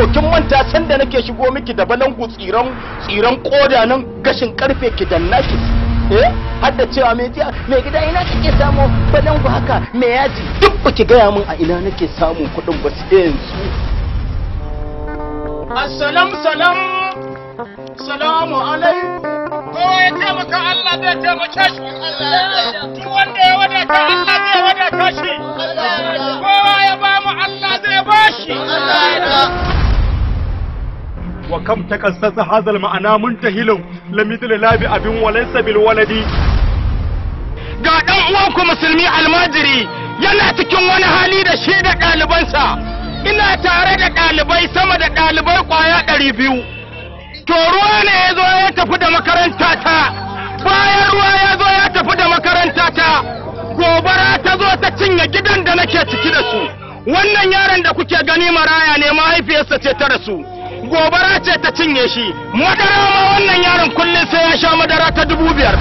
to kin manta san da nake shigo miki da balangu tsiran tsiran koda nan gashin karfe ki danna ki eh har da cewa me jiya me gida ina kike samu balangu haka me yaji duk baki gaya min a ina nake samun kuɗin ba sai yanzu assalamu salam salamu alaikum kowa ya taimaka Allah zai taimaka shi Allah ya wanda ya wadata Allah zai kam takassasa hazal ma'ana muntahilu lamithli labi abin walaysa bil waladi ga dan uwanku musulmi almajiri yana cikin wani hali da shi da ɗalibansa ina tare da ɗalibai sama da ɗalibai kwaya ɗari biyu to ruwa ne ya zo ya tafi da makaranta ta bayan ruwa ya zo ya tafi da makaranta ta gobara ta zo ta cinye gidan da nake ciki da su wannan yaron da kuke gani maraya ne mahaifiyarsa ce ta rasu gobara ce ta cinye shi madara ma wannan yaron kullum sai ya sha madara ta dubu biyar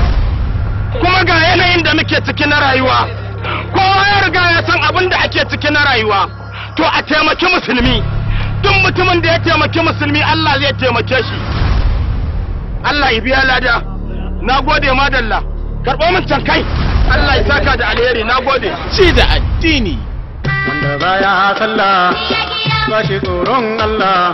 kuma ga yanayin da muke ciki na rayuwa kowa ya riga ya san abin da ake ciki na rayuwa to a taimaki musulmi duk mutumin da ya taimaki musulmi Allah zai taimake shi Allah ya biya lada na gode madalla karɓo min can kai Allah ya saka da alheri na gode ci da addini wanda baya sallah ba shi tsoron Allah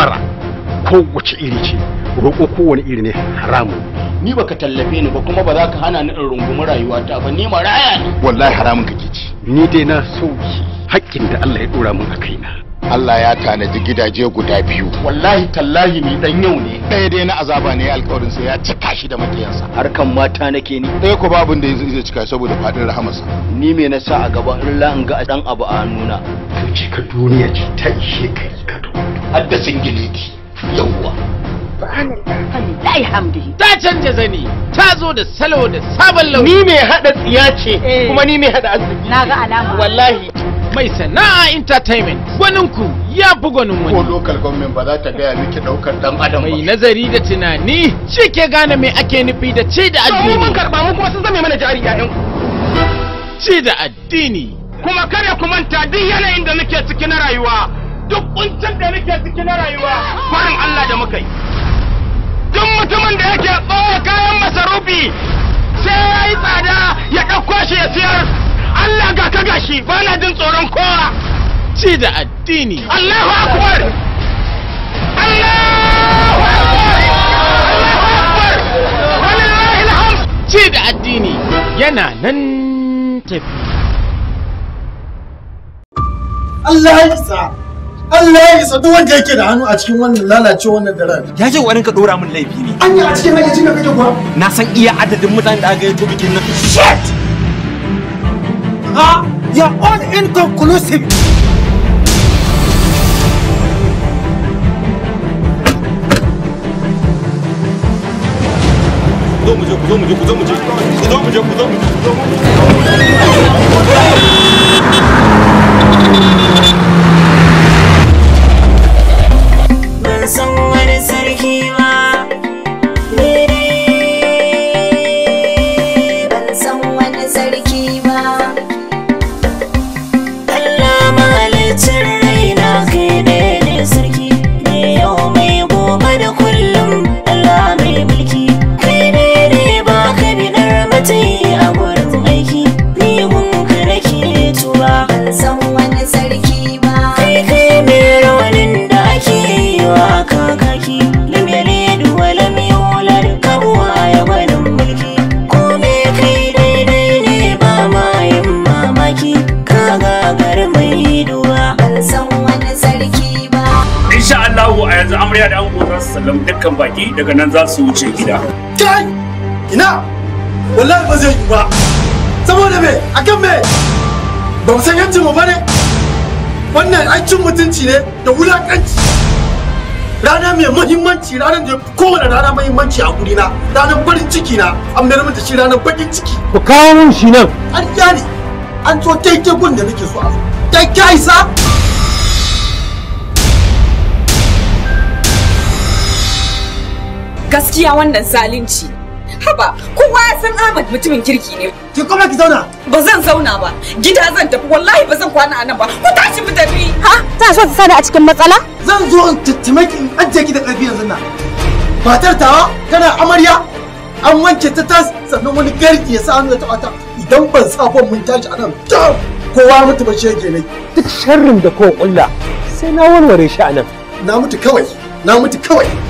bara kowace iri ce roƙo kowane iri ne haramu ni baka tallafe ni ba kuma ba za ka hana ni in rungumi rayuwata ba ni maraya ne wallahi haramun kake ci ni dai na sauki haƙƙin da Allah ya dora mun a kaina Allah ya tanaji gidaje guda biyu wallahi tallahi ni dan yau ne ɗaya dai na azaba ne alƙawarin sa ya cika shi da makiyansa harkan mata nake ni ɗaya ko babu da zai cika saboda fadin rahamarsa ni me na sa a gaba in la in ga dan abu a hannuna ka ka duniya ce ta ishe kai ka to haddasin gilidi yawwa ta canja zani ta zo da salo da sabon launi ni mai hada tsiya ce eh. kuma ni mai hada arziki na ga alama wallahi mai sana'a entertainment ku ya fi gwanin wani ko local government ba za ta gaya miki daukar dan adam mai nazari da tunani shi ke gane me ake nufi da ci da addini mun karba mu kuma sun zame mana jari yayan ci da addini kuma kare ku manta duk yanayin da muke ciki na rayuwa duk kuncin da nake ciki na rayuwa farin Allah da muka yi duk mutumin da yake tsawo kayan masarufi sai ya yi tsada ya ɗauko shi ya siyar Allah ga ka gashi ba na jin tsoron kowa ci da addini Allahu akbar Allahu akbar Allahu akbar ci da addini yana nan tafi Allah ya sa. Allah ya isa duk wanda yake da hannu a cikin wannan lalacewa wannan Ya ce warin ka dora min laifi ne. Anya a cikin hayyacin da kake kuwa. Na san iya adadin mutanen da aka yi bikin Ah, ya all inconclusive. Zo mu je, zo mu je, zo mu je, zo mu je, ya da za su sallam dukkan baki daga nan za su wuce gida kai ina wallahi ba zai yi ba saboda me kan me ba mu san yancin mu ba ne? wannan an cin mutunci ne da wulakanci rana mai muhimmanci ranar da kowane rana muhimmanci a guri na ranar farin ciki na an mayar mata shi ranar bakin ciki ku kawo mun shi nan an kyale an kai daidai gun da nake so a zo kai kai sa gaskiya wannan zalunci haba kowa ya san Ahmad mutumin kirki ne ki kuma ki zauna ba zan zauna ba gida zan tafi wallahi ba zan kwana a nan ba ku tashi mu tafi ha ta so ta sani a cikin matsala zan zo in tattame ki in ajiye ki da karfi yanzu nan matar tawa tana amarya an wanke ta tas sannan wani garki ya sa hannu ya taɓa ta idan ban sabon mun tashi a nan kowa mutu ba shege ne duk sharrin da kowa kulla sai na warware shi a nan na mutu kawai na mutu kawai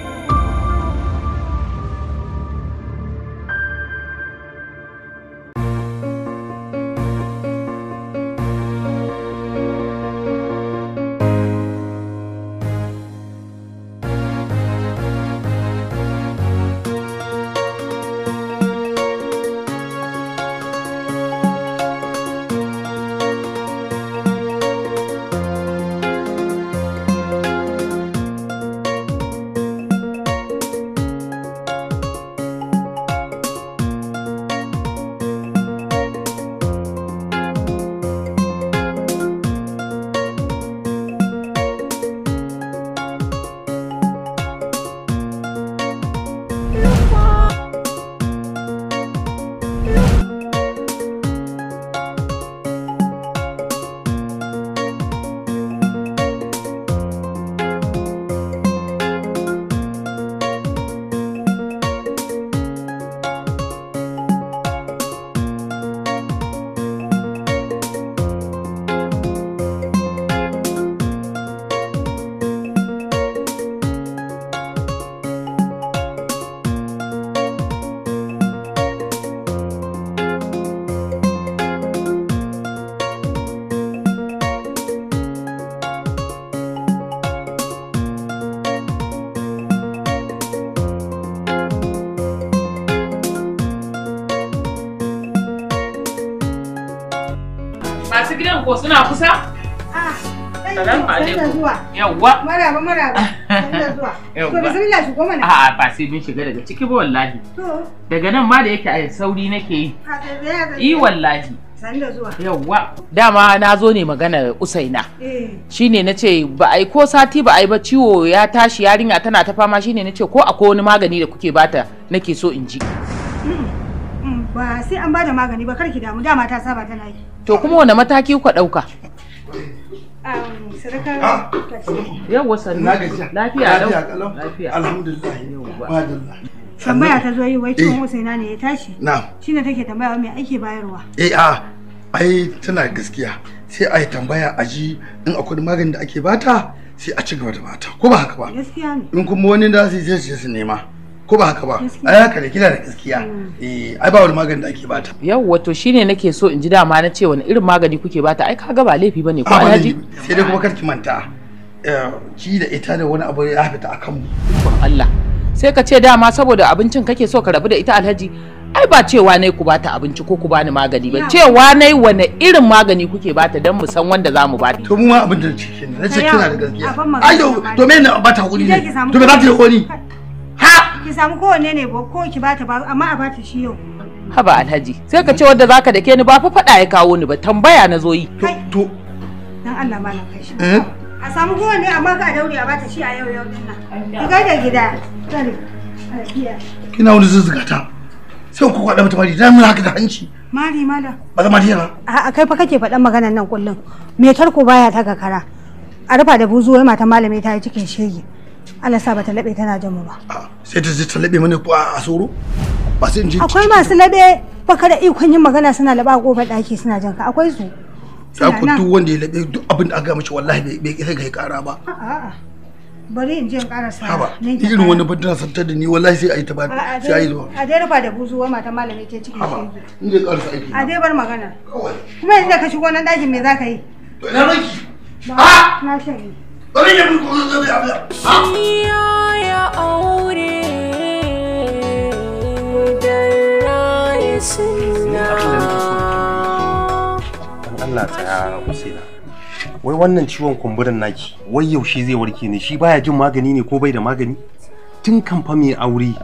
ko suna kusa? Ah, Yawwa. Yawwa. A'a ba sai mun shiga daga ciki ba wallahi. Daga nan ma da yake a sauri nake yi. I wallahi. Yawwa. Dama na zo ne magana Usaina. Eh. Shine na ce ba ai ko sati ba ai ba ciwo ya tashi yarinya tana ta fama shine na ce ko akwai wani magani da kuke bata nake so in ji. Hmm, hmm, ba sai an bada magani ba kar ki damu dama ta saba tana yi. to kuma wani mataki ku ɗauka um, yawwa sannu lafiya lau lafiya alhamdulillah tambaya ta zo yi wai wasu eh. ina ne ya tashi shine take tambaya mai ake bayarwa eh a ah, ai tana gaskiya sai a yi tambaya a ji in akwai maganin da ake bata sai a ci gaba da bata ko ba haka ba gaskiya ne in kuma wani da su je su nema ko ba haka ba ai haka ne kina da gaskiya mm. eh ai ba wani magani da ake bata yau wato shine nake so in ji dama na ce wani irin magani kuke bata ai kaga ba laifi bane ko alhaji sai dai kuma kar ki manta eh, ki da ita da wani abu ya fita akan mu Allah sai ka ce dama saboda abincin kake so ka rabu da ita alhaji ai ba cewa nai ku bata abinci ko ku bani magani ba cewa nai wani irin magani kuke bata don mu san wanda zamu ba to mu ma abin da shi na ce kina da gaskiya ai to me ne bata hakuri ne to me za ta yi hakuri ha ki samu kowanne ne ko ki bata ba amma a bata shi yau haba alhaji sai ka ce wanda zaka dake ni ba fa fada ya kawo ni ba tambaya na zo yi to dan Allah malam kai shi eh? a samu kowanne amma ka daure a bata shi a yau yau din nan ki gida da gida kina wani zuzzuga ta sai ku kwada mata mari dan mun haka da hanci mari malam ba zama dina a kai fa kake faɗan maganar nan kullum me tarko baya ta kakara a rufa da buzu wai mata malami ta yi cikin shege Allah sa ta laɓe tana jin mu ba. Ah, sai ta je ta laɓe mana a soro? Ba sai in je. Akwai masu laɓe fakara da ikon yin magana suna laɓa a kofar ɗaki suna jin ka akwai su. Ya ku duk wanda ya laɓe duk abin da aka mishi wallahi bai isa ga ya ƙara ba. Bari in je in ƙara sa. Haba irin wani fadina santar da ni wallahi sai a yi ta ba sai a yi zuwa. A dai rufa da buzuwa mata malami ta cikin shege. In je ƙarasa aiki. A je bar magana. Kawai. Kuma yanzu da ka shigo nan ɗakin me za ka yi? Na maki. Ba ah! na shanye. bari ha aure Allah wai wannan ciwon kumburin naki wai yaushe zai warke ne shi baya jin magani ne ko bai da magani tun kan fa mai aure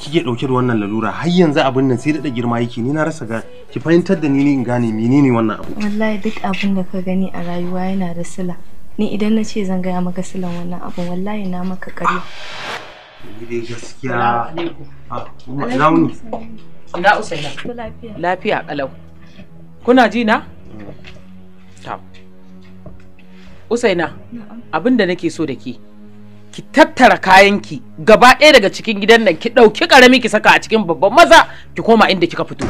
kike dauke da wannan lalura har yanzu abin nan sai da girma yake ni na rasa ga ki fahimtar da ni ne in gane menene wannan abu wallahi duk abin da ka gani a rayuwa yana da sila ni idan na ce zan gaya maka silan wannan abin wallahi na maka ƙarya dai gaskiya ah, ina wuni ina usaina lafiya lafiya kalau kuna ji na ta usaina abin da nake so da ke ki tattara kayanki gaba ɗaya daga cikin gidan nan ki ɗauki ƙarami ki saka a cikin babban maza ki koma inda kika fito.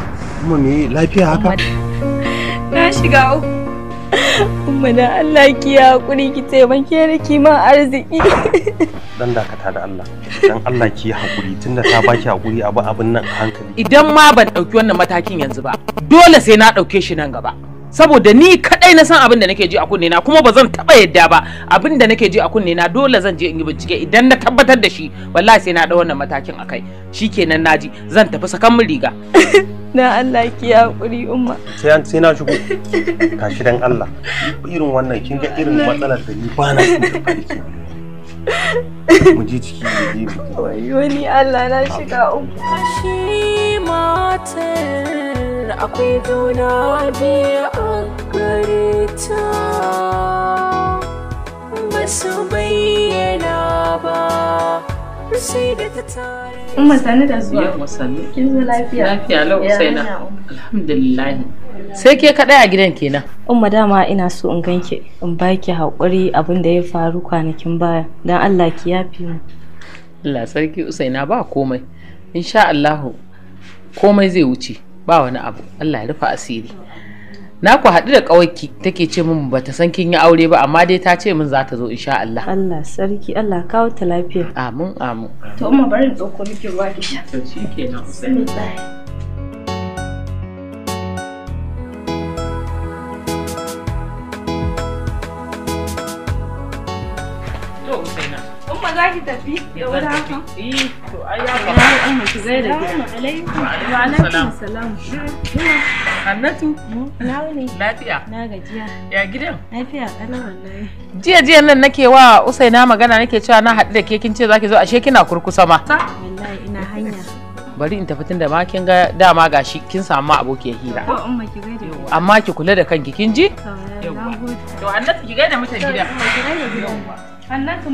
Mu me lafiya haka? Na shiga uku. Umma Allah ki hakuri ki taimake ni ki ma arziki. Dan dakata da Allah. Dan Allah ki hakuri tunda ta baki hakuri abu abin nan a hankali. Idan ma ban dauki wannan matakin yanzu ba, dole sai na dauke shi nan gaba. saboda ni kadai na san abin da nake ji a kunne na kuma ba zan taba yadda ba abin da nake ji a kunne na dole zan je in yi bincike idan na tabbatar da shi wallahi sai na da wannan matakin akai shikenan naji zan tafi sakan min riga na Allah ki hakuri umma sai an sai na shigo kashi dan Allah irin wannan kin ga irin matsalar da ni ba na mu je ciki ne wayo ni Allah na shiga umma shi matar akwai juna biyu a gare ta ba su bayyana ba sai da ta tare umma sani da zuwa umma sani kin zo lafiya lafiya lau usaina alhamdulillah sai ke kaɗai a gidan kenan umma dama ina so in ganke in baki haƙuri abin da ya faru kwanakin baya don allah ki yafi mu allah sarki usaina ba komai insha allahu komai zai wuce ba wani abu Allah ya rufa asiri na ku haɗu da ƙawarki take ce min bata san kin yi aure ba amma dai ta ce min za ta zo insha Allah Allah sarki Allah kawo ta lafiya amin amin to amma bari in ɗauko miki ruwa ki sha to shikenan sai Fatima za ki tafi ya Eh, to ai ya faɗa. Ya an ki zai da gida. Wa alaikum salam. Hannatu. Lafiya. Ya Lafiya wallahi. Jiya wa Usaina magana nake cewa na haɗu da ke kin zo ashe kina kurkusa ma. Wallahi ina hanya. bari in tafi tunda ma kin ga dama gashi kin samu abokiyar hira amma ki kula da kanki kin ji to annatu ki gaida mutan annatu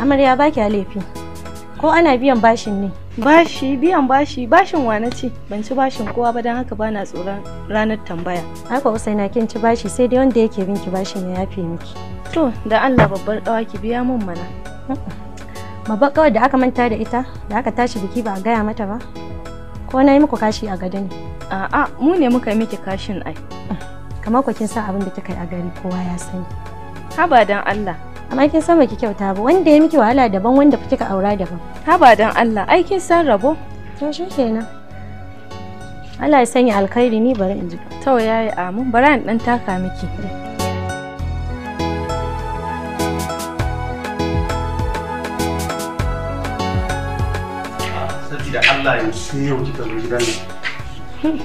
Amarya ba ki laifi. Ko ana biyan bashin ne? Bashi biyan bashi bashin wane ce? Ban ci bashin kowa ba don haka bana tsoron ranar tambaya. Haka na kin ci bashi sai dai wanda yake bin bashin ya yafe miki. To da Allah babbar ɗawa ki biya mun mana. baba kawai da aka manta da ita da aka tashi biki ba a gaya mata ba ko na yi muku kashi a gado ne a'a mu ne muka yi miki kashin ai kamar ku kin san abin da kika yi a gari kowa ya sani haba dan Allah amma kin san baki kyauta ba wanda ya miki wahala daban wanda kika aura daban haba dan Allah ai kin san rabo to shi kenan Allah ya sanya alkhairi ni bari in ji to yayi amun? bari an dan taka miki ranki da Allah ya sai yau kika zo gidan nan.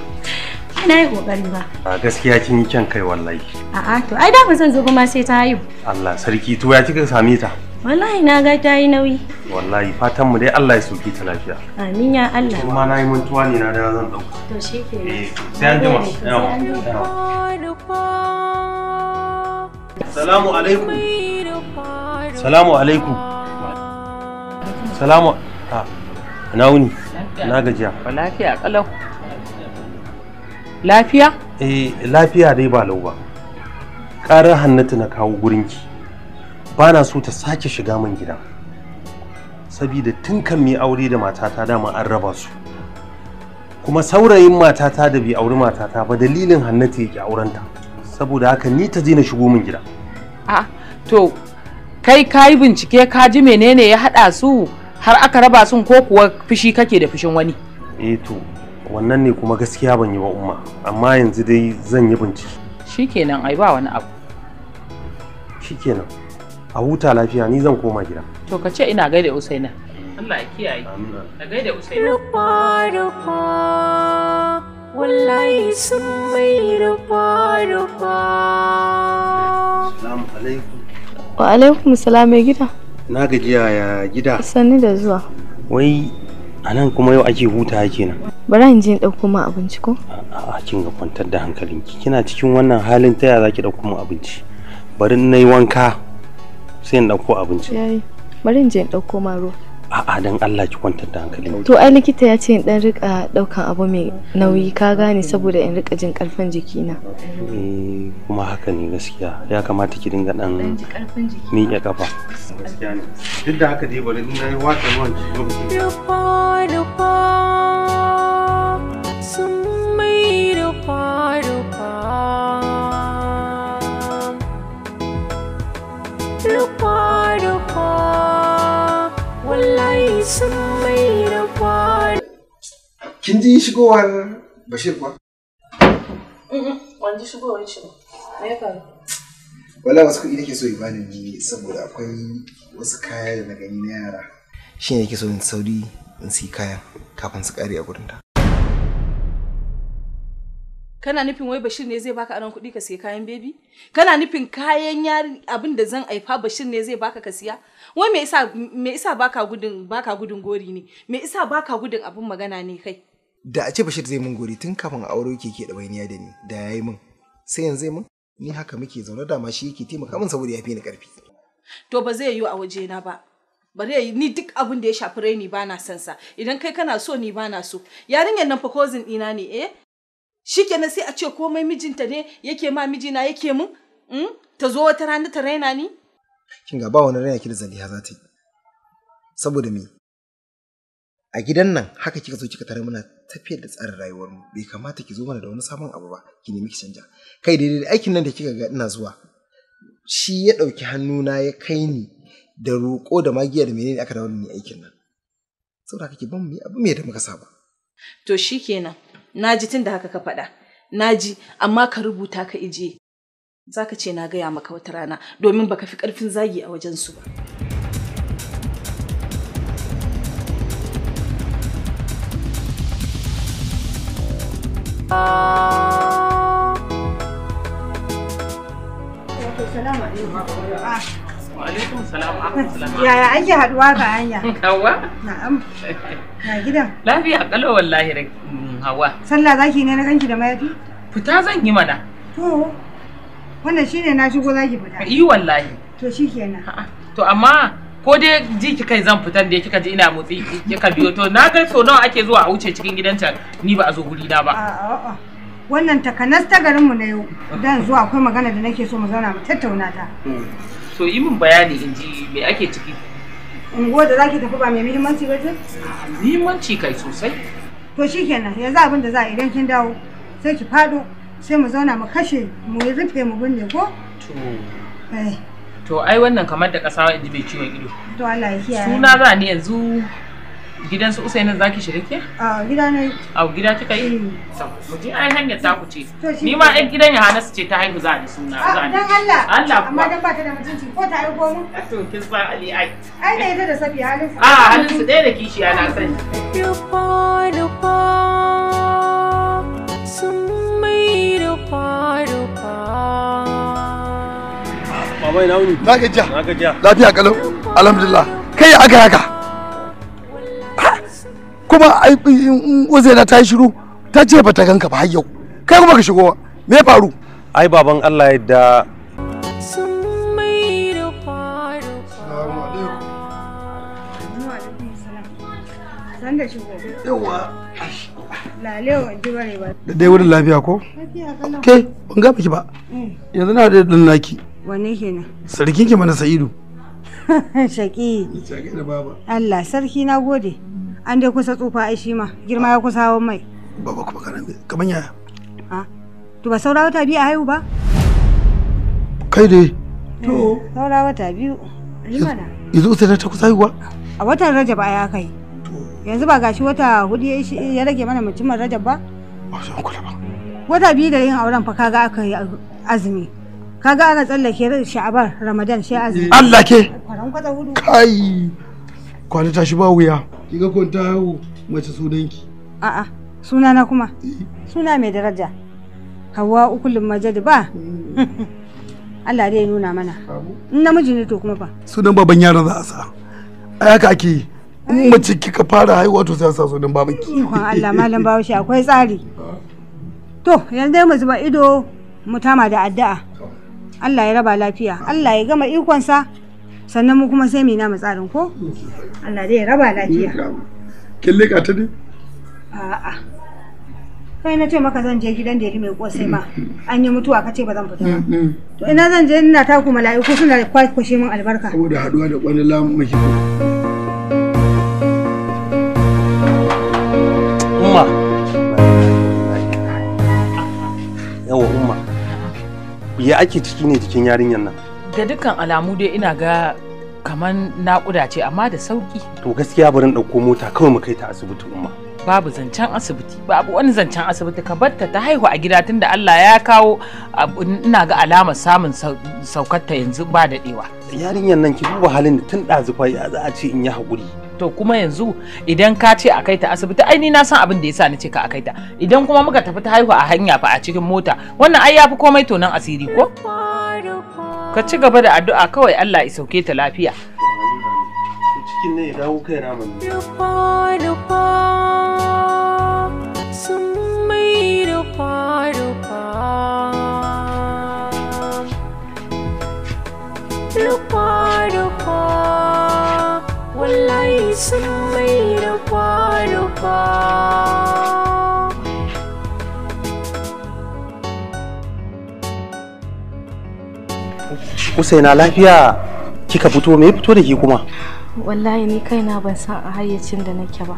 Ina yi kokari ba. A gaskiya kin yi kyan kai wallahi. A'a to ai da ba zan zo kuma sai ta haihu. Allah sarki to ya kika same ta? Wallahi na ga ta yi nauyi. Wallahi fatan mu dai Allah ya sauke ta lafiya. Amin ya Allah. Kuma na yi mantuwa ne na da zan dauka. To shikenan. Eh sai an jima. Salamu alaikum. Salamu alaikum. Salamu alaikum. na wuni na gajiya ba lafiya kalau lafiya eh lafiya dai ba lau ba ƙarar hannatu na kawo gurinki ba na so ta sake shiga min gida sabida tun kan mai aure da matata dama an raba su kuma saurayin matata da bi auri matata ba dalilin hannatu ya yake aurenta saboda haka ni ta je na shigo min gida a to kai kayi bincike ka ji menene ya haɗa su har aka raba sun ko kuwa fushi kake da fushin wani eh to wannan ne kuma gaskiya ban yi wa umma amma yanzu dai zan yi bincike shikenan ai ba wani abu shikenan a huta lafiya ni zan koma gida to ka ce ina gaida usaina Allah ya kiyaye ka gaida usaina rufa rufa wallahi sun mai rufa rufa assalamu alaikum wa alaikum salam mai gida na gajiya ya gida sani da zuwa wai a nan kuma yau ake huta kenan bari in je in ɗauko ma abinci ko a kin ga kwantar da hankalinki kina cikin wannan halin ta ya zaki ɗauko mu abinci bari in nayi wanka sai in ɗauko abinci yayi bari in je in ɗauko ma ruwa a'a dan Allah ki kwantar da hankali to ai likita ya ce in dan rika daukan abu mai nauyi ka gane saboda in rika jin karfin jikina na mm, kuma haka ne gaskiya ya kamata ki dinga dan ya kafa duk da haka dai bari in nayi wata ruwan ki zo sun mai da kwana. Kin ji shigowar Bashir kuwa? shi Me ya Wala wasu kuɗi nake so ya bani saboda akwai wasu kaya da na gani na yara. Shin ne nake so in sauri in siyi kayan kafin su kare a gurinta. kana nufin wai bashir ne zai baka aron kuɗi ka siya kayan bebi kana nufin kayan yari abin da zan aifa bashir ne zai baka ka siya wai me isa me yasa baka gudun baka gudun gori ne me isa baka gudun abun magana ne kai da a ce Bashir zai mun gori tun kafin aure yake ke da bayaniya da ni da yayi mun sai yanzu mun ni haka muke zaune da ma shi yake taimaka min saboda ya fi ni karfi to ba zai yiwu a waje na ba bari ni duk abin da ya shafi raini ba na son sa idan kai kana so ni ba na so yarinyar nan fa cousin ɗina ne eh shikenan sai a ce komai mijinta ne yake ma mijina yake mun hmm? ta zo wata rana ta raina ni kin ga ba wani raina ki da zaliha za ta yi saboda me a gidan nan haka kika zo kika tare muna tafiyar da tsarin rayuwar mu bai kamata ki zo mana da wani sabon abu ba ki nemi ki canja kai daidai aikin nan da kika ga ina zuwa shi ya ɗauki hannuna ya kai ni da roƙo da magiya da menene aka dawo ni aikin nan saboda kake ban mu abu me da muka saba to shikenan naji tunda haka ka faɗa naji amma ka rubuta ka ije zaka ce na gaya maka wata rana domin baka fi karfin zagi a wajen su ba Yaya ake haduwa ga hanya? Hawa? Na'am. Na gidan. Lafiya kalo wallahi mm, Hawa. Sallah zaki ne na kanki da mayafi? Fita zan yi mana. To. Wannan shine na shigo za ki fita. Yi wallahi. To shikenan. To amma ko dai ji ki kai zan fitan da kika ji ina motsi kika biyo to na ga so nawa ake zuwa a wuce cikin gidanta ni ba a zo guri da ba. A'a wannan takanas ta garin mu na yau dan zuwa akwai magana da nake so mu zauna mu tattauna ta. So hmm. yi min bayani in ji me ake ciki. Unguwar da zaki tafi ba mai muhimmanci ba ce? Muhimmanci kai sosai. To shikenan yanzu abin da za a idan kin dawo sai ki fado sai mu zauna mu kashe mu rufe mu binne ko to eh. to ai wannan kamar da kasawa inji bai ciwon ido to Allah ya suna za ni yanzu gidan su Usaini zaki shiga ke? A gida ne. A gida kika yi? Mm. Mu ji ai hanyar ta ku ce. Ni ma ai gidan hanasu ce ta haihu za ni suna. Ah, dan Allah. Allah kuma. Amma dan ba ta da mutunci ko ta haihu mu? To kin sa Ali ai. Ai da ita da Safi halin su. A ah, halin su dai da kishi ana sani. Rufa rufa. far Baba ina wuni? Na gajiya. Na gajiya. Lafiya kalau. Alhamdulillah. Kai Kuma ai uzaina ta yi shiru ta ce ba ta ganka ba har yau. Kai kuma ka shigo me ya faru? Ai baban Allah ya da da dai wurin lafiya ko ke ban gaba ki ba mm. yanzu na da dan naki wane kenan sarkin ki mana sa'idu shaki Allah sarki na gode an dai kusa tsufa ai shi ma girma ya kusa hawan mai baba kuma kana kaman yaya ha to ba saura wata biyu a haihu ba kai dai to saura wata biyu rimana yanzu sai ta kusa haihuwa a watan rajab a ya kai. yanzu ba gashi wata hudu ya rage mana mutumin rajab ba wata biyu da yin auren fa kaga aka yi azumi kaga ana tsallake sha'abar ramadan sai azumi Allah ke kai kwana ta shi ba wuya Ki ga kwanta yau mace sunanki a'a suna na kuma e. suna mai daraja hawa ukulin majadi ba mm. Allah dai nuna mana in namiji ne to kuma fa sunan baban yaran za a sa ai haka ake yi in mace kika fara haihuwa to sai sa sunan babaki ko Allah malam bawashi akwai tsari to yanzu mu zuba ido mu tama da addu'a Allah ya raba lafiya Allah ya gama ikonsa sannan mu kuma sai mu na tsarin ko Allah dai ya raba lafiya kin leka ta ne a'a kai na ce maka zan je gidan da mai kosai ma an yi mutuwa ka ce ba zan fita ba mm, mm. to ina zan je ina taku mala'iku suna kwashe min albarka saboda haduwa da kwanan mai maki umma yawa umma ya ake ciki ne cikin yarinyar nan da dukkan alamu dai ina ga kaman naƙuda ce amma da sauki to gaskiya barin ɗauko mota kawai mu kai ta asibiti umma babu zancen asibiti babu wani zancen asibiti ka barta ta haihu a gida tunda Allah ya kawo ina ga alamar samun saukarta yanzu ba da Da yarinyar nan ki duba halin tun ɗazu fa za a ce in yi hakuri. to kuma yanzu idan ka ce a kai ta asibiti ai ni na san abin da yasa ni ce ka a kai ta idan kuma muka tafi ta haihu a hanya fa a cikin mota wannan ai yafi komai to nan asiri ko ka ci gaba da addu'a kawai Allah ya sauke ta lafiya cikin ne ya dawo kai Look, wallahi sun mai da kwanufa lafiya kika fito me fito da ke kuma? Wallahi ni kaina ban san a hayyacin da nake ba.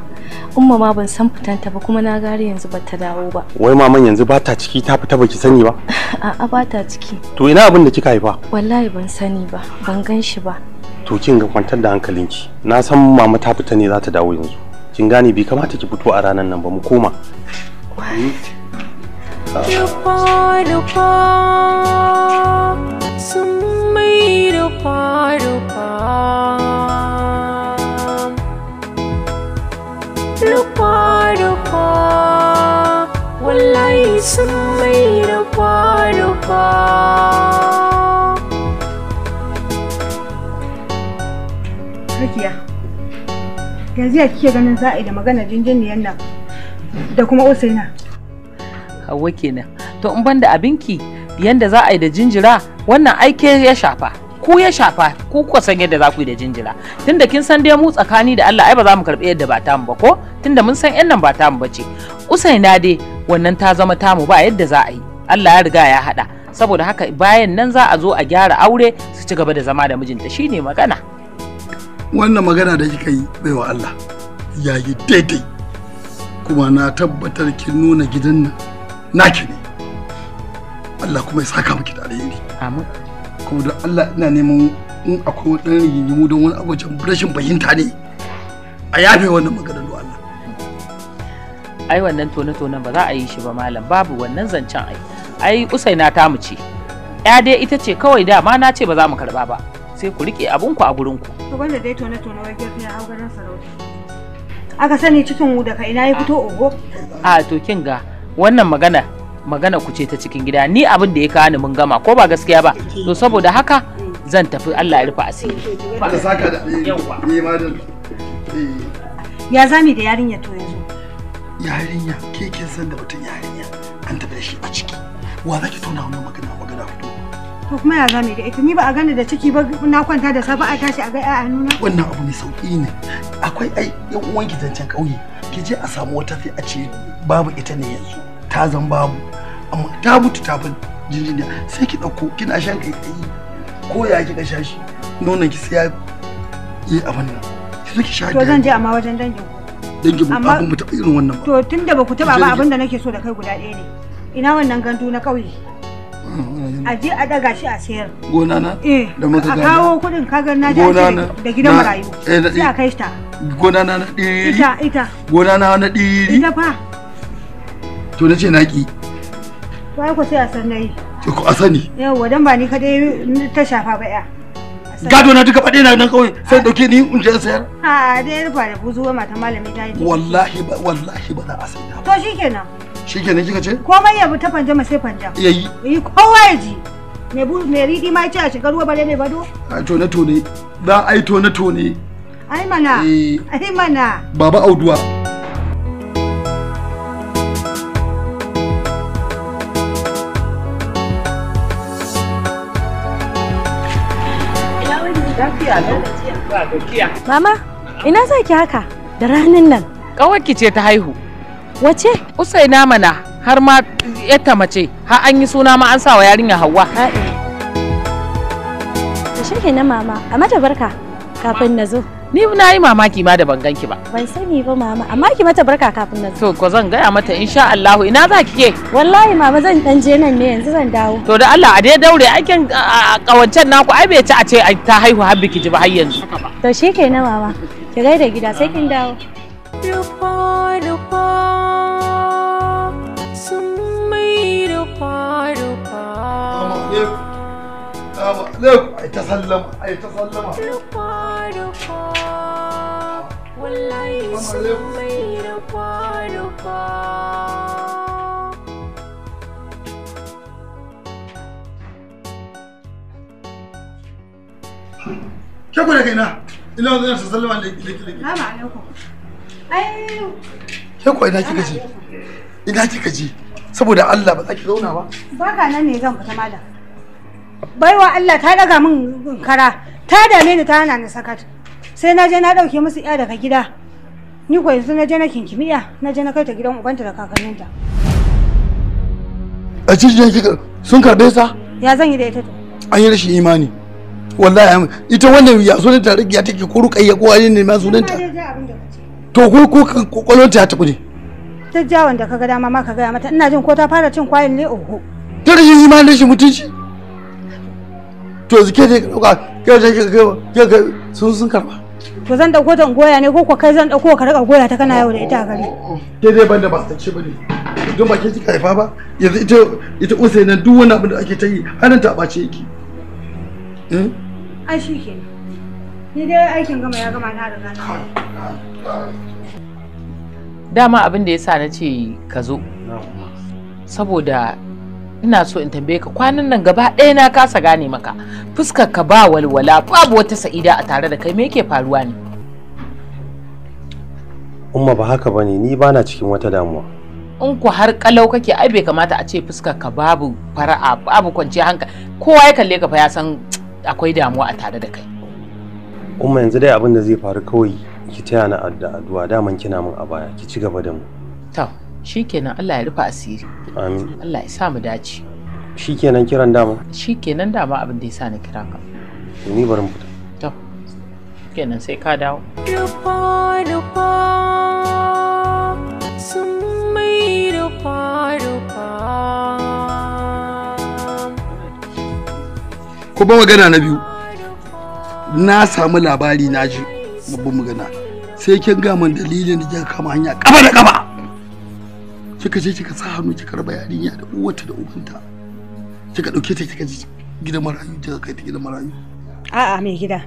Umma ma ban san fitanta ba kuma na gari yanzu ba ta dawo ba. Wai maman yanzu ba ta ciki ta fita baki sani ba? A'a ba ta ciki. To ina abin da kika haifa? Wallahi ban sani ba, ban gan shi ba. to ga kwantar da hankalinki na san mama ta fita ne za ta dawo yanzu kin gane bai kamata ki fito a ranar nan ba mu koma Wallahi sun mai rufa-rufa yanzu ya kike ganin za'a yi da magana jinjiniyar nan da kuma usaina hawa kenan to in ban da abinki yanda za a yi da jinjira wannan aike ya shafa ku ya shafa ku kuka san yadda za ku yi da jinjira tunda kin san dai mu tsakani da Allah ai ba za mu karɓi yadda ba tamu ba ko tunda mun san yan nan ba tamu ba ce usaina dai wannan ta zama tamu ba yadda za a yi Allah ya riga ya haɗa saboda haka bayan nan za a zo a gyara aure su ci gaba da zama da mijinta shine magana wannan magana da kika yi baiwa Allah ya yi daidai kuma na tabbatar ki nuna gidan nan naki ne Allah kuma ya saka miki da alheri amin kuma don Allah ina neman in akwai wani ɗan mu don wani abujan rashin fahimta ne a yafe wannan magana don Allah ai wannan tone-tonen ba za a yi shi ba malam babu wannan zancen ai ai usaina ta mu ce ya dai ita ce kawai dama na ce ba za mu karba ba sai ku rike abun ku a gurin ku to wanda dai tone tone wai gefe ya hau garin sarauta aka sani cikin da ka ina ya fito ogo a to kin ga wannan magana magana ku ce ta cikin gida ni abin da ya kawo ni mun gama ko ba gaskiya ba to saboda haka zan tafi Allah ya rufa asiri ba da saka da ni eh. ya zami da yarinya to yanzu yarinya ke kin san da mutun yarinya an tafi da shi a ciki wa zaki tona wannan magana magana ku To kuma ya gane da ita ni ba a gane da ciki ba na kwanta da safe a tashi a ga a nuna. Wannan abu ne sauki ne. Akwai ai yan uwan ki zancen ƙauye. Ki je a samu wata sai a ce babu ita ne yanzu. Ta zan babu. Amma ta mutu ta bar jinjiniya sai ki ɗauko kina shan kai kai. Ko ya ki sha shi nonon ki sai ya yi abin nan. Ki ki sha To zan je amma wajen dangin ku. Dangin mu abin mu irin wannan ba. To tunda ba ku taɓa ba abin da nake so da kai guda ɗaya ne. Ina wannan gandu na ƙauye. Mm-hmm. a je a daga shi a sayar gona na eh da muka a kawo kudin kaga na da gidan marayu eh, sai a kai ta gona na na diri ita ita gona na na diri ita fa to nace naki to ai ko sai a san nayi ko a sani yawa dan ba ni kadai ta shafa ba ya gado na duka faɗe na nan kawai sai dauke ni in je sayar a dai rufa da buzuwa mata malami ta yi wallahi ba wallahi ba za a sai to shikenan shikenan kika ce komai ya bi ta fanja sai fanja yayi yi kowa ya ji me bu me ridi ma ce a shiga ruwa bare mai bado a tone tone za ai tone tone ai mana eh. ai mana baba auduwa Mama, ina za ki haka da ranin nan? Kawai ki ce ta haihu. wace usaina mana har ma yata mace ha an yi suna ma an sa wa yarinya hawa to na mama a mata barka kafin na zo ni na yi mamaki ma da ban ganki ba ban sani ba mama amma ki mata barka kafin na zo to ko zan gaya mata insha Allah ina za ki ke wallahi mama zan dan je nan ne yanzu zan dawo to da Allah a dai daure aikin kawancen naku ai bai ci a ce ta haihu har biki ji ba har yanzu to na mama ki gaida gida sai kin dawo rufa sun mai rufa sallama ke da kaina ai Ke ko ina kika je? Ina kika je? Saboda Allah ba za ki zauna ba. Ba Baka nan ne zan fita malam. Baiwa Allah ta daga min kara, ta dame ni ta hana ni sakat. Sai na je na dauke musu iya daga gida. Ni ko yanzu na je na kinkimi iya, na je na kai ta gidan ubanta da kakanninta. A cikin kika sun karbe sa? Ya zan yi da ita An yi rashin imani. Wallahi ita wannan ya sunanta rigiya take ko Rukayya ko wani ne ma sunanta. to ko ko kwakwalwar ta ta kuje duk jawon da kaga dama ma ka gaya mata ina jin ko ta fara cin kwayin ne oho ta rashin imanin rashin mutunci to zike ne ka dauka kai kai kai sun sun karba to zan dauko ta goya ne ko ko kai zan dauko ka rika goya ta kana yau da ita gari daidai banda ba ta ce bane don ba ke kika haifa ba yanzu ita ita usaina duk wani abin da ake ta yi hannun ta bace yake eh? ai kenan Dama abin da yasa na ce ka zo. Saboda ina so in tambaye ka kwanan nan gaba ɗaya na kasa gane maka fuskar ka ba walwala babu wata sa'ida a tare da kai me yake faruwa ne umma ba haka bane ni ba na cikin wata damuwa in ku har kalau kake ai bai kamata a ce fuskar ka babu fara'a babu kwanciyar hankali kowa ya kalle ka fa ya san akwai damuwa a tare da kai umma yanzu dai abin da zai faru kawai ki taya na addu'a daman kina mun a baya ki ci gaba da mu to shikenan Allah ya rufa asiri amin Allah ya sa mu dace shikenan kiran dama shikenan dama abin da ya sa ni kira ka ni bari mu fita to kenan sai ka dawo rufa ko ba magana na biyu na samu labari na ji babban magana sai kin ga man dalilin da kika kama hanya kafa da kafa kika je kika sa hannu kika raba yarinya da uwarta da ubanta kika dauke ta kika ji gidan marayu kika kai ta gidan marayu a'a mai gida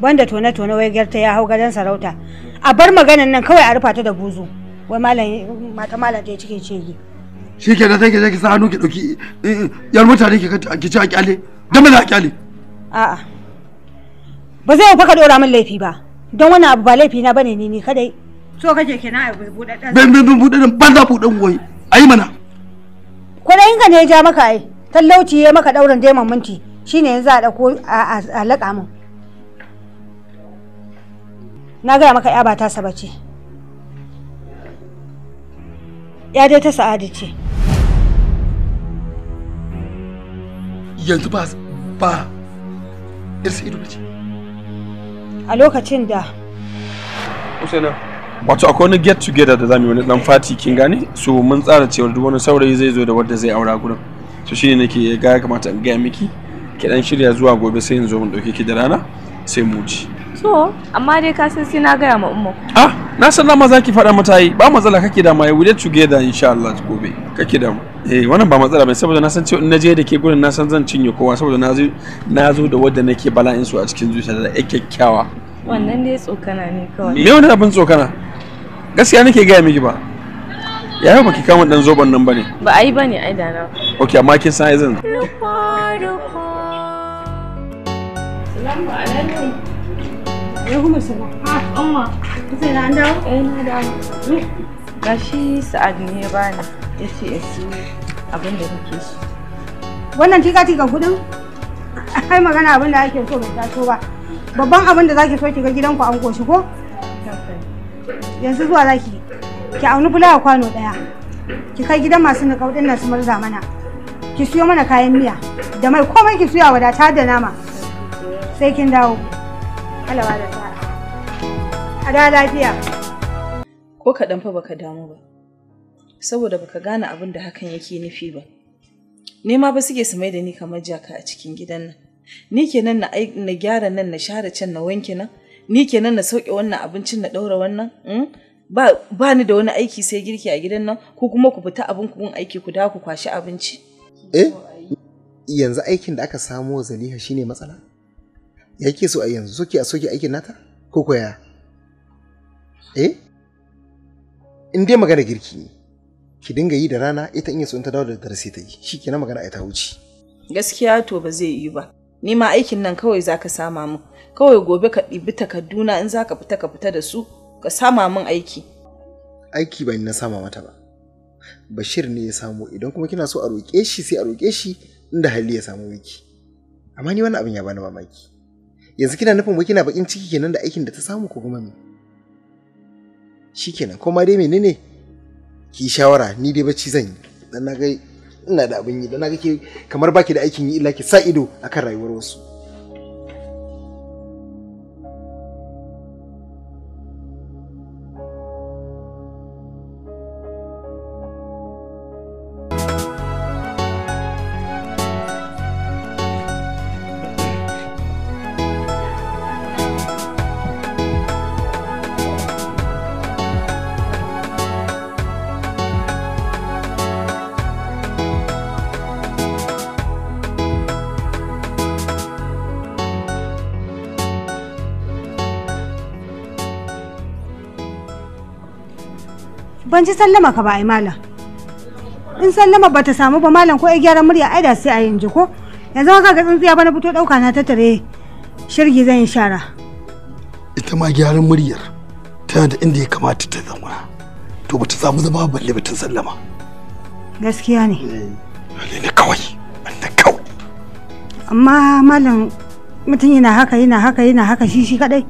banda tone tone wai garta ya hau gadon sarauta a bar maganan nan kawai a rufa ta da buzu wai malam mata malam ta cike ce shi ke da sai kika je ki sa hannu ki dauki eh, eh, yar mutane ki kace a kyale dan ba za a kyale a'a ba zai fa ka dora min laifi ba don wani abu ba laifi na bane ni ni kadai so kake kenan ai budaddan ben ben budaddan ban za budan goyi ai mana kudayin ka ne ya ja maka ai tallauci ya maka ɗaurin daiman minti shine yanzu a dako a laka min na gaya maka ya ba ta saba ce ya dai ta sa'adi ce yanzu ba ba irsa ido ce a lokacin da Usaina wato akwai wani get together da zamu yi wani dan fati kin gane so mun tsara cewa duk wani saurayi zai zo da wanda zai aura gurin so shine nake ga ya kamata in ga miki ki dan shirya zuwa gobe sai in zo mun dauke ki da rana sai mu ci so amma dai ka san sai na gaya ma ummu ah na san dama za ki faɗa mata yi ba matsala kake da mai wuce together insha Allah gobe kake da eh wannan ba matsala bai saboda na san cewa in na je da ke gurin na san zan cinye kowa saboda na zo na zo da wadda nake bala'in su a cikin zuciya da ake kyakkyawa wannan dai tsokana ne kawai me wani abin tsokana gaskiya nake gaya miki ba Ya yi baki kama dan zoban nan bane ba ai bane ai da na okay amma kin san aizan. Salamu alaikum Ya kuma sana. Ha, amma. Ah, sai na an dawo? Eh, na dawo. Gashi Sa'ad ne ya bani. Ya ce ya siyo abin da nake so. Wannan tika tika kudin? Ai magana abin da ake so bai taso ba. Babban abin da zaki so ki ga gidanku an koshi ko? Yanzu zuwa zaki ki auni fulawa kwano daya. Ki kai gidan masu nikaudin nan su murza mana. ki siyo mana kayan miya da mai komai ki siya wadata da nama sai kin dawo alawa da a da lafiya ko kaɗan fa baka damu ba saboda baka gane abin da hakan yake nufi ba nema ba suke su mai da ni kamar jaka a cikin gidan nan ni kenan na na gyara nan na share can na wanke nan ni kenan na sauke wannan abincin na ɗaura wannan hmm? ba ba ni da wani aiki sai girki a gidan nan ko kuma ku fita abin ku aiki ku dawo ku kwashi abinci eh yanzu aikin da aka samo zaliha shine matsala ya ke so a yanzu soke a soke aikin nata ko koya eh in dai magana girki ne ki dinga yi da rana ita in ya so ta dawo da dare sai ta yi shi ke na magana ai ta wuce gaskiya to ba zai yi ba ni ma aikin nan kawai zaka sama min kawai gobe ka ɗibi takarduna in zaka fita ka fita da su ka sama min aiki aiki ba ni na sama mata ba bashir ne ya samu idan kuma kina so a roƙe shi sai a roƙe shi inda hali ya samu miki amma ni wani abin ya bani mamaki yanzu kina nufin wai kina bakin ciki kenan da aikin da ta samu ko kuma me shikenan kuma dai menene ki shawara ni dai bacci zan yi dan na ga ina da abin yi dan na ga kamar baki da aikin yi illa ki sa ido akan rayuwar wasu ban ji sallama ka ba ai malam in sallama ba ta samu ba malam ko ai gyaran murya ai da sai a yanzu ko yanzu ka ga tsintsiya ba na fito dauka na ta tare shirgi zan yi shara ita ma gyaran muryar tana da inda ya kamata ta zama to ba ta samu zama balle ba ta sallama gaskiya ne ne eh, kawai ne kawai amma malam mutum yana haka yana haka yana haka shi shi kadai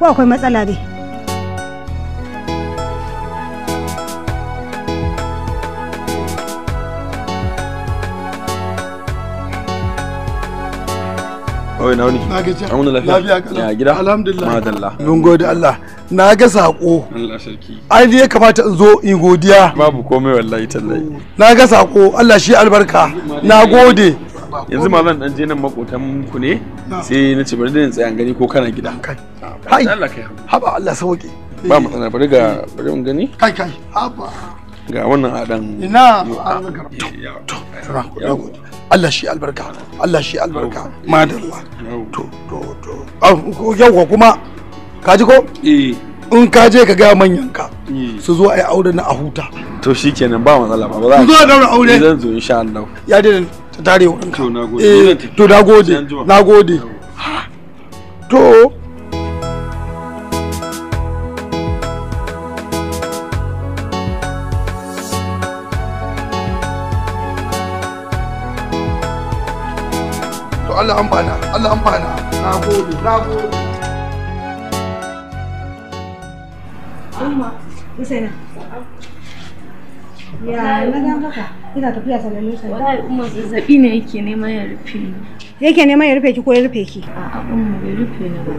ko akwai matsala dai Oi na wani. Na gaji. An wani lafiya. Lafiya kana. Ya gida. Alhamdulillah. Madalla. Mun gode Allah. Na ga sako. Allah sarki. Ai ya kamata in zo in godiya. Babu komai wallahi tallahi. Na ga sako. Allah shi albarka. Na gode. yanzu ma zan dan je nan makotan ku ne sai na ce bari da tsayan gani ko kana gida kai Allah kai haba Allah sauke ba matsala bari ga bari mun gani kai kai haba ga wannan adan ina ah, to to Allah shi albarka Allah shi albarka madalla to to to ko kuma ka ji ko eh. in ka je ka gaya manyan ka eh. su zo a aure na a huta to shi ba matsala ba ba za a aure zan zo insha Allah ya dinin ta tare wurin ka to nagode eh, to nagode nagode to Allah amfana Allah amfana na gode Umma Ya na haka ina tafiya wallahi Umma zazzabi ne yake neman ya rufe ni Yake neman ya rufe ki ko rufe ki A'a Umma bai rufe ni ba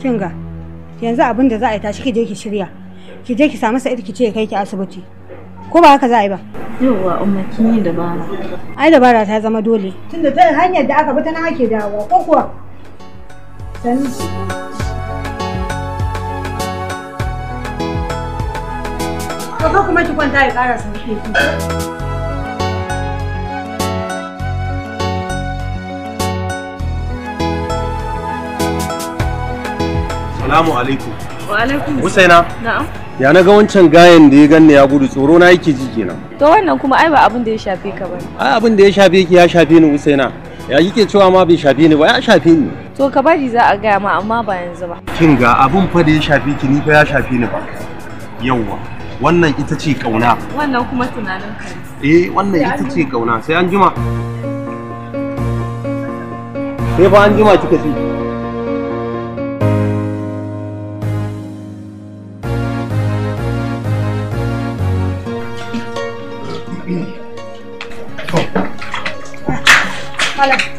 Kinga yanzu abin da za a yi tashi ki je ki shirya ki je ki samu sa'id ki ce kai ki asibiti ko ba haka za a yi ba yauwa umma kin yi dabara ai dabara ta zama dole tunda ta hanyar da aka bi ta na ake dawo ko kuwa ko kuma ki kwanta ya kara sauke ki Salamu alaikum. Wa alaikum. Husaina. Na'am. ya na ga wancan gayan da ya ganni ya gudu tsoro na yake ji kenan to wannan kuma ai ba abin da ya shafe ka ba ai abin da ya shafe ki ya shafe ni usaina ya kike cewa ma bai shafe ni ba ya shafe ni to ka bari za a gaya ma amma ba yanzu ba kin ga abin fa da ya shafe ki ni fa ya shafe ni ba yawwa wannan ita ce kauna wannan kuma tunanin kai. eh wannan ita ce kauna sai an sai ba an kika ce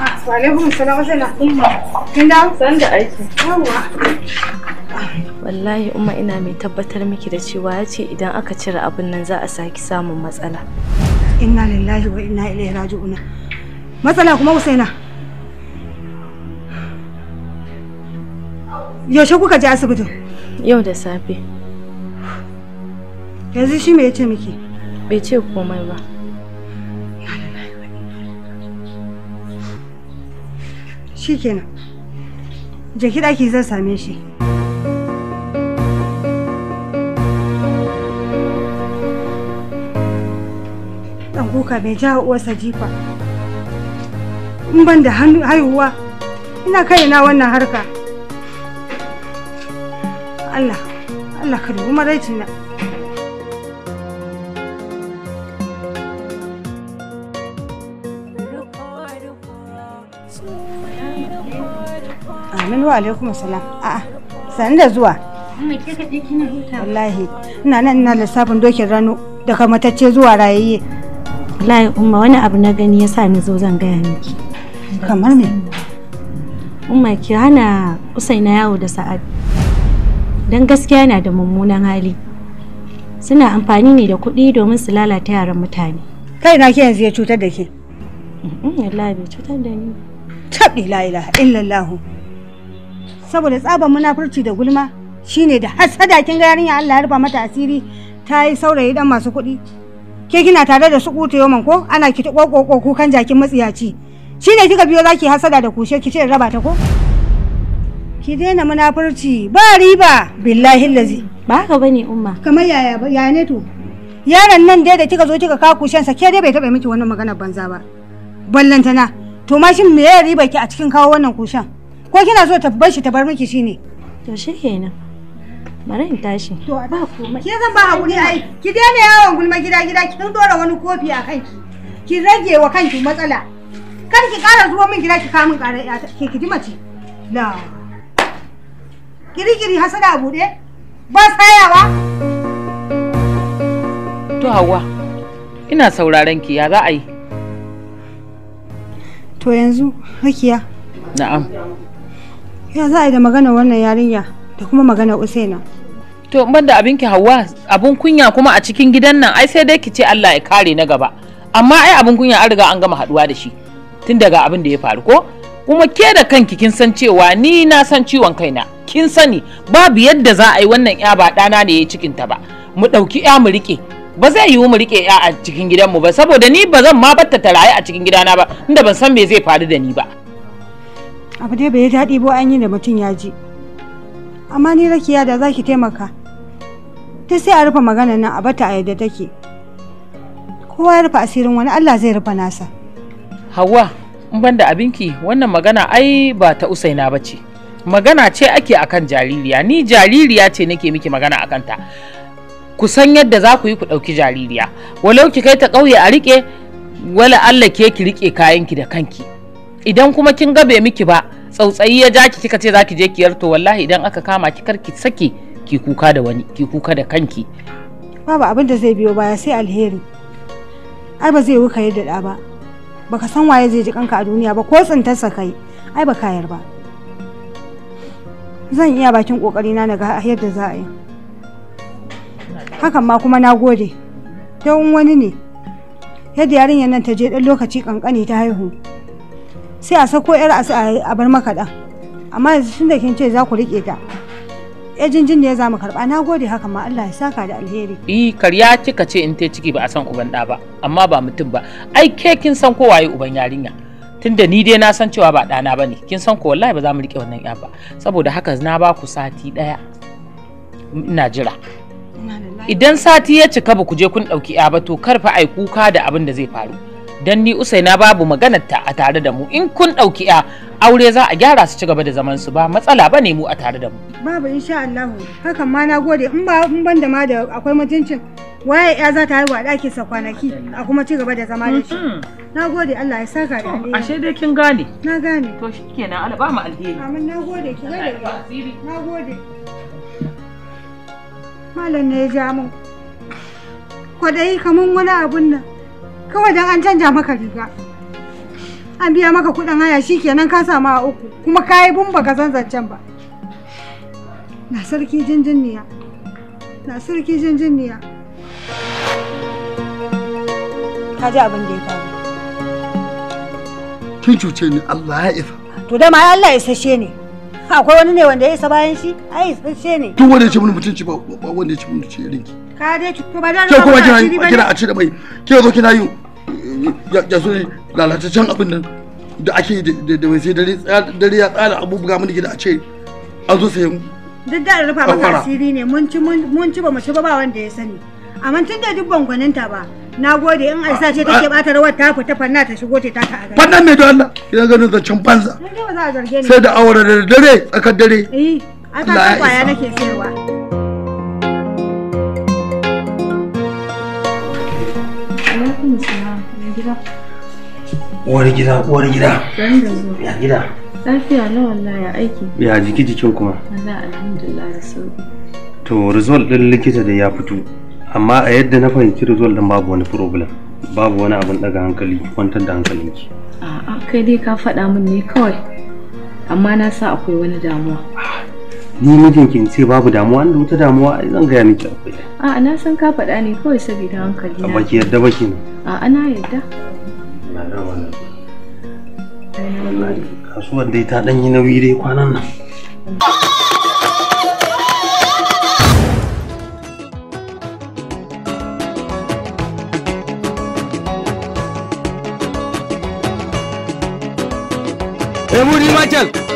Salamun umma. San da aiki. Wallahi umma ina mai tabbatar miki da cewa ya ce idan aka cire abin nan za a saki samun matsala. Inna lillahi wa inna ilaihi raji'una. Matsala kuma Usaina. Yaushe kuka je asibitin? Yau da safe. Yanzu shi me ya ce miki? Bai ce komai ba. shi je ki daki zan same shi Ɗan kuka bai ja uwarsa jifa in ban da haihuwa ina kai na wannan harka Allah Allah ka dubi maraicina. Sannu wa alaikum salam. A'a, sannu da zuwa. Amma ke kina huta. Wallahi, ina nan ina lissafin dokin rano daga matacce zuwa rayayye. Wallahi umma wani abu na gani ya sa ni zo zan gaya miki. Kamar me? Umma ki hana Usaina yawo da Sa'ad. Dan gaskiya yana da mummunan hali. Suna amfani ne da kuɗi domin su lalata yaran mutane. Kai na ke yanzu ya cutar da ke. Wallahi bai cutar da ni. Tabi la ilaha illallahu. saboda tsaban munafurci da gulma shine da hasada kin ga yarinya Allah ya rufa mata asiri ta yi saurayi dan masu kuɗi ke kina tare da su kuta yoman ko ana ki ta kokoko kukan jakin matsiyaci shine kika biyo zaki hasada da kushe ki ce raba ta ko ki daina munafurci ba riba billahi lazi ba haka bane umma kamar yaya yaya ne to yaron nan dai da kika zo kika kawo kushen sa ke dai bai taba miki wannan maganar banza ba ballantana to ma shin me ya riba ki a cikin kawo wannan kushen ko kina so ta bar shi ta bar miki shine to kenan, bari in tashi to ba komai ke zan ba hakuri ai ki daina yawon gulma gida gida ki dan dora wani kofi a kanki ki rage wa kanki matsala kar ki kara zuwa min gida ki kawo min ƙara ke ki ji mace la kirikiri hasada Bude, buɗe ba tsayawa to hawa ina sauraron ki ya za a yi to yanzu hakiya na'am ya za a yi da magana wannan yarinya da kuma magana usaina to ban da abinki hawa abun kunya kuma a cikin gidan nan ai sai dai ki ce Allah ya kare na gaba amma ai abun kunya an riga an gama haduwa da shi tun daga abin da ya faru ko kuma ke da kanki kin san cewa ni na san ciwon kaina kin sani babu yadda za a yi wannan ya ba ɗana ne ya cikin ta ba mu ɗauki ya mu riƙe ba zai yiwu mu riƙe ya a cikin gidanmu ba saboda ni ba zan ma batta ta raye a cikin gidana ba inda ban san me zai faru da ni ba abu dai bai daɗi ba an yi da mutum ya ji amma ni rakiya da za taimaka ta sai a rufe maganar nan a bata a take kowa ya rufe asirin wani allah zai rufe nasa hawa in ban da abinki wannan magana ai ba ta usaina ba ce magana ce ake akan jaririya ni jaririya ce nake miki magana akan ta ku san yadda za ku yi ku ɗauki jaririya walau ki kai ta ƙauye a rike? wala allah ke ki rike kayanki da kanki idan kuma kin ga bai miki ba tsautsayi ya ja ki kika ce za ki je ki yarto wallahi idan aka kama ki kar ki sake ki kuka da wani ki kuka da kanki babu abin da zai biyo baya sai alheri ai ba zai wuka yadda da ba baka san waye zai ji kanka a duniya ba ko tsintarsa kai ai ba kayar ba zan iya bakin kokari na daga yadda za a yi hakan ma kuma na gode don wani ne yadda yarinyar nan ta je dan lokaci kankani ta haihu sai a sako yar a bar maka ɗan amma yanzu tun da kin ce za ku riƙe ta ya jinjin ne za mu karɓa na gode haka ma Allah ya saka da alheri eh karya kika ce in te ciki ba a san uban ɗa ba amma ba mutum ba ai ke kin san ko waye uban yarinya tunda ni dai na san cewa ba ɗana ba ne kin san ko wallahi ba za mu riƙe wannan ya ba saboda haka na ba ku sati ɗaya ina jira idan sati ya cika ba ku je kun ɗauki ya ba to kar ai kuka da abin da zai faru dan ni usaina babu maganarta ta a tare da mu in kun ɗauki ya aure za a gyara su ci gaba da zaman su ba matsala ba ne mu a tare da mu babu insha Allah hakan ma na gode in ba in ban ma da akwai mutuncin waye ya za ta haihu a ɗakin sa kwanaki a kuma ci gaba da zama da shi mm-hmm. na gode Allah ya saka da ni. ashe dai kin gane na gane to shikenan Allah ba mu alheri amin na gode ki gode na gode malam ne ya ja mun kwadai kaman wani abun nan kawai don an canja maka riga an biya maka kudin haya shikenan ka samu a uku kuma ka yi bumba ka san zancen ba na sarki niya na sarki niya ka ji abin da ya faru kin cuce ni Allah ya isa to dama ya Allah ya sashe ne akwai wani ne wanda ya isa bayan shi ai sashe ne duk wanda ya ci mun mutunci ba wanda ya ci mun mutunci irin ki ka dai ki kuma kina a a da mai ke zo kina yi ya so lalataccen abin nan da ake da mai sai dare ya tsara abubuwa mun gida a ce an zo sayan duk da rufa maka asiri ne mun ci mun ci ba mu ci ba ba wanda ya sani amma tun da duk bangwaninta ba na gode in aisa ce take bata ah. rawar ta fita fanna ta shigo ta ta a fanna mai don Allah idan ganin zancen banza sai da awara da dare tsakar dare eh aka kwaya nake sayarwa Uwar gida, uwar gida. Ya gida. Lafiya na wallahi ya aiki. Ya jiki jikin kuma. Wallahi alhamdulillah da sauki. To result din likita da ya fito. Amma a yadda na fahimci result din babu wani problem. Babu wani abin daga hankali, kwantar da hankalinki. A'a kai dai ka faɗa min ne kawai. Amma na sa akwai wani damuwa. Ah, ni mijin kin ce babu damuwa inda wata damuwa ai zan gaya miki akwai a na san ka faɗa ne kawai saboda hankali na baki yarda ba ki a ana yarda na da wannan kasuwar dai ta dan yi nauyi dai kwanan nan Eburi Machel!